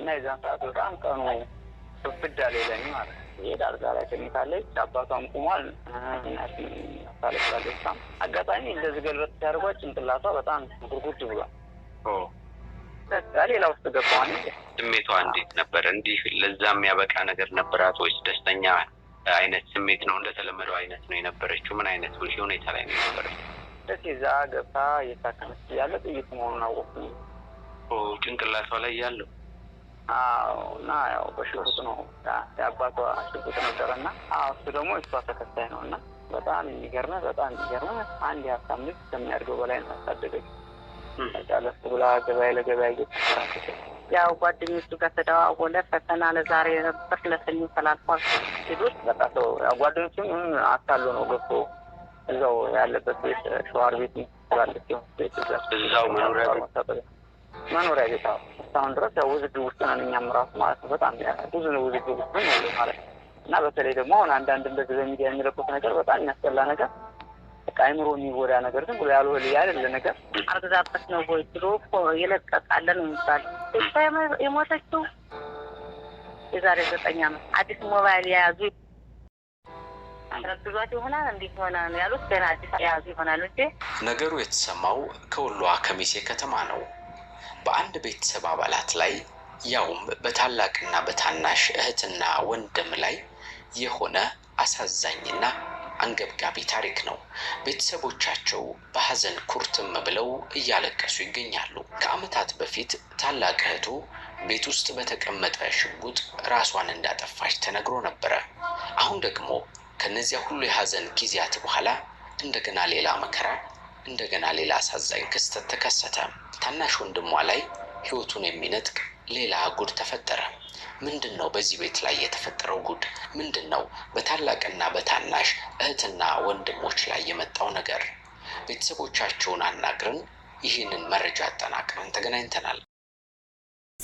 እና የዛን ሰዓት በጣም ቀኑ ብብድ አለኝ ማለት ነው። ይሄድ አልጋ ላይ ተኝታለች። አባቷም ቁሟል። ታለቅላለች። አጋጣሚ እንደዚህ ገልበት ሲያደርጓ ጭንቅላቷ በጣም ጉርጉድ ብሏል። ሌላ ውስጥ ገባዋል። ስሜቷ እንዴት ነበር? እንዲህ ለዛ የሚያበቃ ነገር ነበራት ወይስ ደስተኛ አይነት ስሜት ነው? እንደተለመደው አይነት ነው የነበረችው? ምን አይነት ሁኔታ ላይ ነው የነበረችው? ደስ ይዛ ገብታ እየታከመች ያለ ጥይት መሆኑን አወቅኩኝ ጭንቅላቷ ላይ ያለው አዎ እና ያው በሽጉጥ ነው የአባቷ ሽጉጥ ነበር እና እሱ ደግሞ እሷ ተከታይ ነው እና በጣም የሚገርመ በጣም የሚገርመ አንድ የሀብታም ልጅ ከሚያድገው በላይ ነው ያሳደገች። ለሱ ብላ ገበያ ለገበያ እየተሰራች ያው ጓደኞቹ ጋር ተደዋወለ። ፈተና ለዛሬ ነበር ለሰኞ ተላልፏል ሲሉት በቃ ሰው ጓደኞቹም አታሉ ነው ገብቶ እዛው ያለበት ቤት ሸዋር ቤት ስላለች ቤት እዛ እዛው መኖሪያ መኖሪያ ቤት እስካሁን ድረስ ያው ውዝግብ ውስጥ ነን እኛም ራሱ ማለት ነው። በጣም ብዙ ነው ውዝግብ ውስጥ ነው ያለ ማለት ነው። እና በተለይ ደግሞ አሁን አንዳንድ እንደዚህ በሚዲያ የሚለቁት ነገር በጣም የሚያስጠላ ነገር፣ አይምሮ የሚጎዳ ነገር፣ ዝም ብሎ ያሉ ያልሆል ያለለ ነገር አርግዛበት ነው ወይ ብሎ የለቀቃለን ነው የሚባል የሞተችው የዛሬ ዘጠኝ ዓመት አዲስ ሞባይል የያዙ ረግዟት ይሆናል እንዲህ ሆና ያሉት። ገና አዲስ የያዙ ይሆናል እ ነገሩ የተሰማው ከወሎዋ ከሚሴ ከተማ ነው። በአንድ ቤተሰብ አባላት ላይ ያውም በታላቅና በታናሽ እህትና ወንድም ላይ የሆነ አሳዛኝና አንገብጋቢ ታሪክ ነው። ቤተሰቦቻቸው በሐዘን ኩርትም ብለው እያለቀሱ ይገኛሉ። ከዓመታት በፊት ታላቅ እህቱ ቤት ውስጥ በተቀመጠ ሽጉጥ ራሷን እንዳጠፋች ተነግሮ ነበረ። አሁን ደግሞ ከነዚያ ሁሉ የሐዘን ጊዜያት በኋላ እንደገና ሌላ መከራ እንደገና ሌላ አሳዛኝ ክስተት ተከሰተ። ታናሽ ወንድሟ ላይ ህይወቱን የሚነጥቅ ሌላ ጉድ ተፈጠረ። ምንድን ነው በዚህ ቤት ላይ የተፈጠረው ጉድ? ምንድን ነው በታላቅና በታናሽ እህትና ወንድሞች ላይ የመጣው ነገር? ቤተሰቦቻቸውን አናግረን ይህንን መረጃ አጠናቅረን ተገናኝተናል።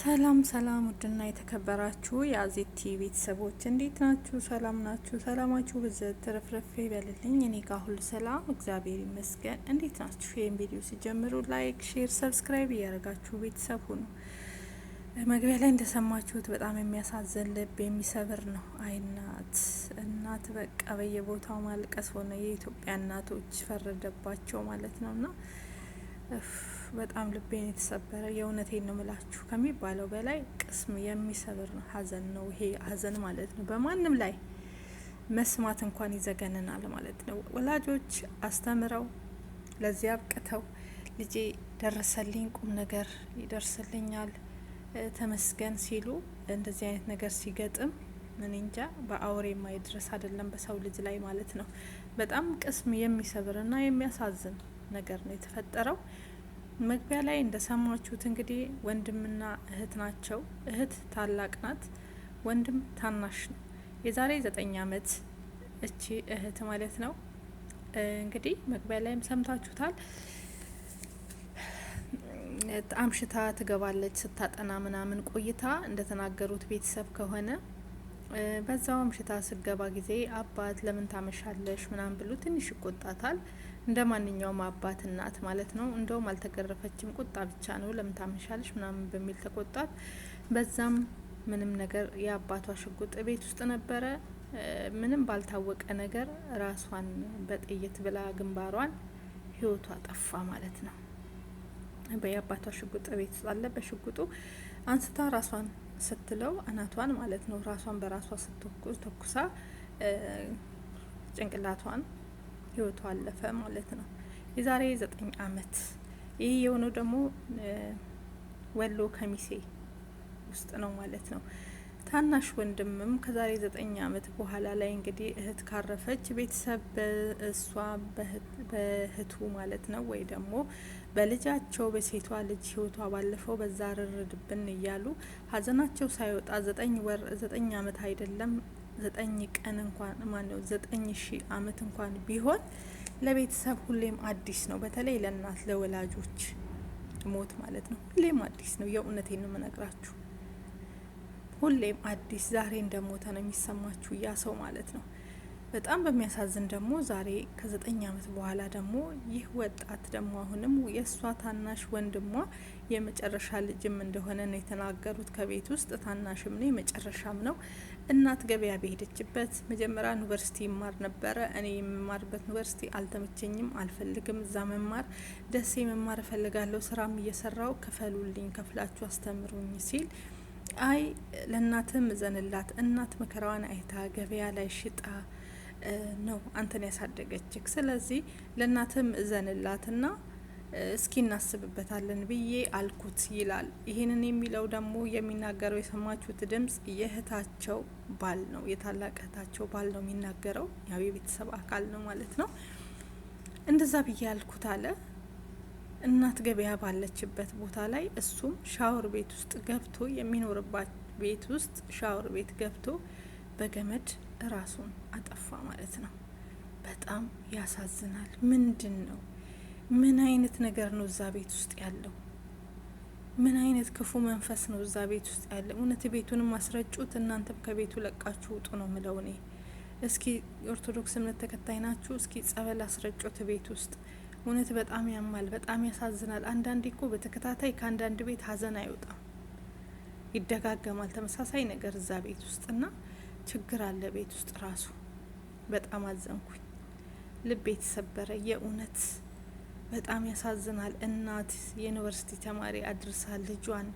ሰላም ሰላም ውድና የተከበራችሁ የአዜቲ ቤተሰቦች እንዴት ናችሁ? ሰላም ናችሁ? ሰላማችሁ ብዘት ትርፍርፍ ይበልልኝ። እኔ ጋር ሁሉ ሰላም እግዚአብሔር ይመስገን። እንዴት ናችሁ? ይህን ቪዲዮ ሲጀምሩ ላይክ፣ ሼር፣ ሰብስክራይብ እያደረጋችሁ ቤተሰብ ሁኑ። መግቢያ ላይ እንደሰማችሁት በጣም የሚያሳዝን ልብ የሚሰብር ነው። አይናት እናት በቃ በየቦታው ማልቀስ ሆነ። የኢትዮጵያ እናቶች ፈረደባቸው ማለት ነው እና በጣም ልቤን የተሰበረ የእውነቴን ነው ምላችሁ ከሚባለው በላይ ቅስም የሚሰብር ነው ሀዘን ነው ይሄ ሀዘን ማለት ነው። በማንም ላይ መስማት እንኳን ይዘገንናል ማለት ነው። ወላጆች አስተምረው ለዚህ አብቅተው ልጄ ደረሰልኝ ቁም ነገር ይደርስልኛል ተመስገን ሲሉ እንደዚህ አይነት ነገር ሲገጥም ምን እንጃ በአውሬ የማይድረስ አይደለም በሰው ልጅ ላይ ማለት ነው። በጣም ቅስም የሚሰብርና የሚያሳዝን ነገር ነው የተፈጠረው። መግቢያ ላይ እንደሰማችሁት እንግዲህ ወንድምና እህት ናቸው። እህት ታላቅ ናት፣ ወንድም ታናሽ ነው። የዛሬ ዘጠኝ አመት እቺ እህት ማለት ነው እንግዲህ መግቢያ ላይም ሰምታችሁታል። አምሽታ ትገባለች ስታጠና ምናምን ቆይታ እንደተናገሩት ቤተሰብ ከሆነ በዛው አምሽታ ስገባ ጊዜ አባት ለምን ታመሻለሽ ምናምን ብሎ ትንሽ ይቆጣታል። እንደ ማንኛውም አባት እናት ማለት ነው። እንደውም አልተገረፈችም፣ ቁጣ ብቻ ነው ለምታመሻለች ምናምን በሚል ተቆጣት። በዛም ምንም ነገር የአባቷ ሽጉጥ ቤት ውስጥ ነበረ። ምንም ባልታወቀ ነገር ራሷን በጥይት ብላ ግንባሯን ህይወቷ ጠፋ ማለት ነው። የአባቷ ሽጉጥ ቤት ውስጥ አለ። በሽጉጡ አንስታ ራሷን ስትለው አናቷን ማለት ነው ራሷን በራሷ ስትተኩሳ ጭንቅላቷን ህይወቱ አለፈ ማለት ነው። የዛሬ ዘጠኝ አመት ይህ የሆነው ደግሞ ወሎ ከሚሴ ውስጥ ነው ማለት ነው። ታናሽ ወንድምም ከዛሬ ዘጠኝ አመት በኋላ ላይ እንግዲህ እህት ካረፈች ቤተሰብ በእሷ በእህቱ ማለት ነው ወይ ደግሞ በልጃቸው በሴቷ ልጅ ህይወቷ ባለፈው በዛ ርርድብን እያሉ ሀዘናቸው ሳይወጣ ዘጠኝ ወር ዘጠኝ አመት አይደለም ዘጠኝ ቀን እንኳን ማነው ዘጠኝ ሺ አመት እንኳን ቢሆን ለቤተሰብ ሁሌም አዲስ ነው። በተለይ ለእናት ለወላጆች ሞት ማለት ነው ሁሌም አዲስ ነው። የእውነቴን ነው የምነግራችሁ። ሁሌም አዲስ ዛሬ እንደሞተ ነው የሚሰማችሁ ያ ሰው ማለት ነው። በጣም በሚያሳዝን ደግሞ ዛሬ ከዘጠኝ አመት በኋላ ደግሞ ይህ ወጣት ደግሞ አሁንም የእሷ ታናሽ ወንድሟ የመጨረሻ ልጅም እንደሆነ ነው የተናገሩት። ከቤት ውስጥ ታናሽም ነው የመጨረሻም ነው እናት ገበያ በሄደችበት መጀመሪያ ዩኒቨርሲቲ ይማር ነበረ። እኔ የምማርበት ዩኒቨርሲቲ አልተመቸኝም፣ አልፈልግም እዛ መማር። ደሴ መማር እፈልጋለሁ፣ ስራም እየሰራው ክፈሉልኝ፣ ከፍላችሁ አስተምሩኝ ሲል አይ ለእናትም እዘንላት፣ እናት መከራዋን አይታ ገበያ ላይ ሽጣ ነው አንተን ያሳደገችክ። ስለዚህ ለእናትም እዘንላትና እስኪ እናስብበታለን ብዬ አልኩት ይላል። ይህንን የሚለው ደግሞ የሚናገረው የሰማችሁት ድምጽ የእህታቸው ባል ነው፣ የታላቅ እህታቸው ባል ነው የሚናገረው። ያው የቤተሰብ አካል ነው ማለት ነው። እንደዛ ብዬ አልኩት አለ። እናት ገበያ ባለችበት ቦታ ላይ እሱም ሻወር ቤት ውስጥ ገብቶ የሚኖርባት ቤት ውስጥ ሻወር ቤት ገብቶ በገመድ ራሱን አጠፋ ማለት ነው። በጣም ያሳዝናል። ምንድን ነው ምን አይነት ነገር ነው እዛ ቤት ውስጥ ያለው? ምን አይነት ክፉ መንፈስ ነው እዛ ቤት ውስጥ ያለ? እውነት ቤቱንም አስረጩት፣ እናንተም ከቤቱ ለቃችሁ ውጡ ነው ምለው እኔ። እስኪ ኦርቶዶክስ እምነት ተከታይ ናችሁ፣ እስኪ ጸበል አስረጩት ቤት ውስጥ። እውነት በጣም ያማል፣ በጣም ያሳዝናል። አንዳንዴ እኮ በተከታታይ ከአንዳንድ ቤት ሀዘን አይወጣም፣ ይደጋገማል ተመሳሳይ ነገር እዛ ቤት ውስጥ እና ችግር አለ ቤት ውስጥ ራሱ። በጣም አዘንኩኝ፣ ልቤ የተሰበረ የእውነት በጣም ያሳዝናል። እናት የዩኒቨርሲቲ ተማሪ አድርሳ ልጇን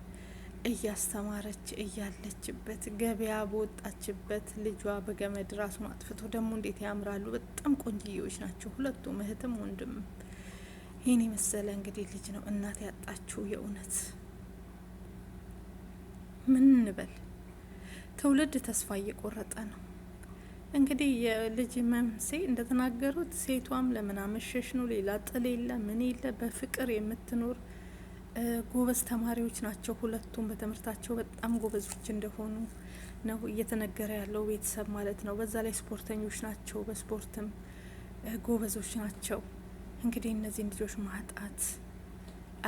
እያስተማረች እያለችበት ገበያ በወጣችበት ልጇ በገመድ ራሱን አጥፍቶ ደግሞ እንዴት ያምራሉ! በጣም ቆንጅዬዎች ናቸው ሁለቱም እህትም ወንድም። ይህን የመሰለ እንግዲህ ልጅ ነው እናት ያጣችው። የእውነት ምን እንበል? ትውልድ ተስፋ እየቆረጠ ነው። እንግዲህ የልጅ መምሴ እንደተናገሩት ሴቷም ለምን አመሸሽ ነው፣ ሌላ ጥል የለ ምን የለ በፍቅር የምትኖር ጎበዝ ተማሪዎች ናቸው። ሁለቱም በትምህርታቸው በጣም ጎበዞች እንደሆኑ ነው እየተነገረ ያለው ቤተሰብ ማለት ነው። በዛ ላይ ስፖርተኞች ናቸው፣ በስፖርትም ጎበዞች ናቸው። እንግዲህ እነዚህን ልጆች ማጣት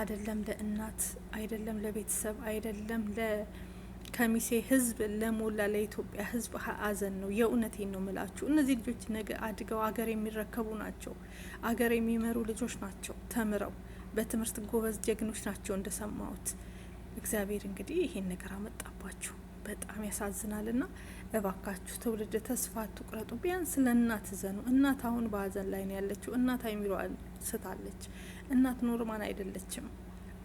አይደለም ለእናት አይደለም ለቤተሰብ አይደለም ለ ከሚሴ ህዝብ ለሞላ ለኢትዮጵያ ህዝብ ሀዘን ነው። የእውነቴን ነው ምላችሁ። እነዚህ ልጆች ነገ አድገው አገር የሚረከቡ ናቸው። አገር የሚመሩ ልጆች ናቸው። ተምረው በትምህርት ጎበዝ ጀግኖች ናቸው። እንደሰማሁት እግዚአብሔር እንግዲህ ይሄን ነገር አመጣባችሁ። በጣም ያሳዝናል። ና እባካችሁ ትውልድ ተስፋ አትቁረጡ። ቢያንስ ለእናት ዘኑ። እናት አሁን በሀዘን ላይ ነው ያለችው። እናት አይሚሮ ስታለች። እናት ኖርማን አይደለችም።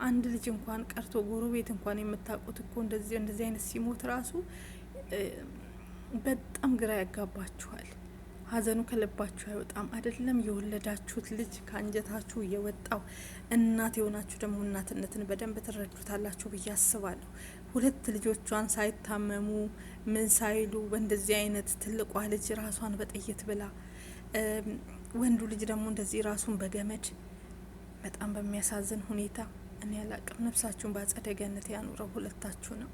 አንድ ልጅ እንኳን ቀርቶ ጎረቤት እንኳን የምታውቁት እኮ እንደዚህ እንደዚህ አይነት ሲሞት ራሱ በጣም ግራ ያጋባችኋል። ሀዘኑ ከልባችሁ አይወጣም አይደለም። የወለዳችሁት ልጅ ከአንጀታችሁ የወጣው እናት የሆናችሁ ደግሞ እናትነትን በደንብ ትረዱታላችሁ ብዬ አስባለሁ። ሁለት ልጆቿን ሳይታመሙ ምን ሳይሉ በእንደዚህ አይነት ትልቋ ልጅ ራሷን በጥይት ብላ፣ ወንዱ ልጅ ደግሞ እንደዚህ ራሱን በገመድ በጣም በሚያሳዝን ሁኔታ እኔ ያላቅም ነፍሳችሁን በአጸደ ገነት ያኑረው ሁለታችሁ ነው።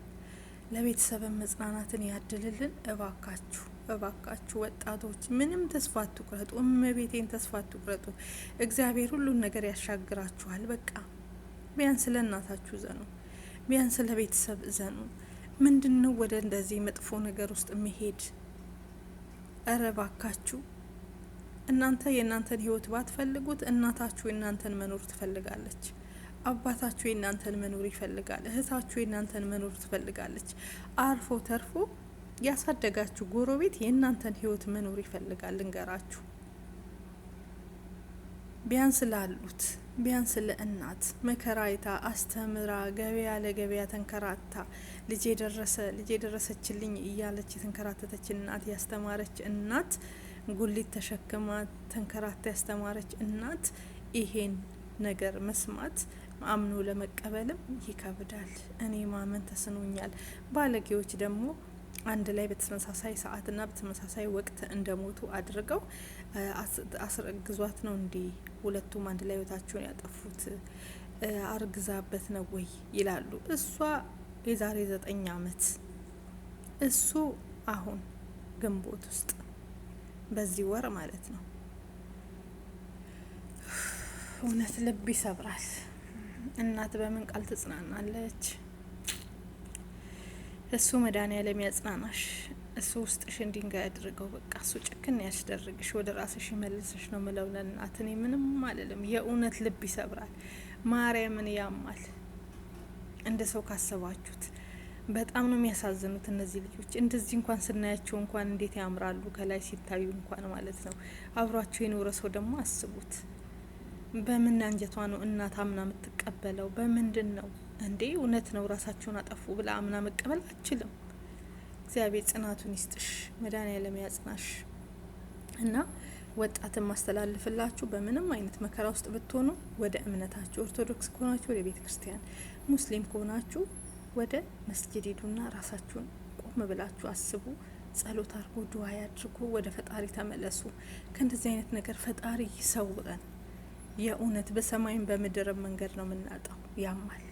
ለቤተሰብን መጽናናትን ያድልልን። እባካችሁ እባካችሁ ወጣቶች ምንም ተስፋ አትቁረጡ። እመቤቴን ተስፋ አትቁረጡ። እግዚአብሔር ሁሉን ነገር ያሻግራችኋል። በቃ ቢያንስ ለእናታችሁ ዘኑ፣ ቢያንስ ለቤተሰብ ዘኑ። ምንድን ነው ወደ እንደዚህ መጥፎ ነገር ውስጥ መሄድ? እረ እባካችሁ እናንተ የእናንተን ህይወት ባትፈልጉት እናታችሁ የእናንተን መኖር ትፈልጋለች። አባታችሁ የእናንተን መኖር ይፈልጋል። እህታችሁ የእናንተን መኖር ትፈልጋለች። አርፎ ተርፎ ያሳደጋችሁ ጎረቤት የእናንተን ህይወት መኖር ይፈልጋል። እንገራችሁ ቢያንስ ላሉት ቢያንስ ለእናት መከራይታ አስተምራ ገበያ ለገበያ ተንከራታ ልጄ ደረሰ ልጄ ደረሰችልኝ እያለች የተንከራተተች እናት ያስተማረች እናት ጉሊት ተሸክማ ተንከራታ ያስተማረች እናት ይሄን ነገር መስማት አምኖ ለመቀበልም ይከብዳል። እኔ ማመን ተስኖኛል። ባለጌዎች ደግሞ አንድ ላይ በተመሳሳይ ሰዓትና በተመሳሳይ ወቅት እንደሞቱ አድርገው አስረግዟት ነው እንዲ ሁለቱም አንድ ላይ ህይወታቸውን ያጠፉት አርግዛበት ነው ወይ ይላሉ። እሷ የዛሬ ዘጠኝ አመት እሱ አሁን ግንቦት ውስጥ በዚህ ወር ማለት ነው። እውነት ልብ ይሰብራል። እናት በምን ቃል ትጽናናለች? እሱ መድኃኒዓለም ያጽናናሽ። እሱ ውስጥሽ እንዲንጋ ያድርገው። በቃ እሱ ጭክን ያስደርግሽ፣ ወደ ራስሽ መልሰሽ ነው ምለው ለእናት። እኔ ምንም አልልም። የእውነት ልብ ይሰብራል። ማርያምን ያማል። እንደ ሰው ካሰባችሁት በጣም ነው የሚያሳዝኑት እነዚህ ልጆች። እንደዚህ እንኳን ስናያቸው እንኳን እንዴት ያምራሉ ከላይ ሲታዩ እንኳን ማለት ነው። አብሯቸው የኖረ ሰው ደግሞ አስቡት። በምን አንጀቷ ነው እናት አምና የምትቀበለው? በምንድን ነው እንዴ? እውነት ነው ራሳቸውን አጠፉ ብላ አምና መቀበል አችልም። እግዚአብሔር ጽናቱን ይስጥሽ፣ መድኃኔዓለም ያጽናሽ። እና ወጣትን ማስተላልፍላችሁ በምንም አይነት መከራ ውስጥ ብትሆኑ ወደ እምነታችሁ፣ ኦርቶዶክስ ከሆናችሁ ወደ ቤተ ክርስቲያን፣ ሙስሊም ከሆናችሁ ወደ መስጅድ ሂዱና ራሳችሁን ቆም ብላችሁ አስቡ። ጸሎት አድርጉ፣ ዱዓ ያድርጉ፣ ወደ ፈጣሪ ተመለሱ። ከእንደዚህ አይነት ነገር ፈጣሪ ይሰውረን። የእውነት በሰማይም በምድርም መንገድ ነው የምናጣው። ያማል።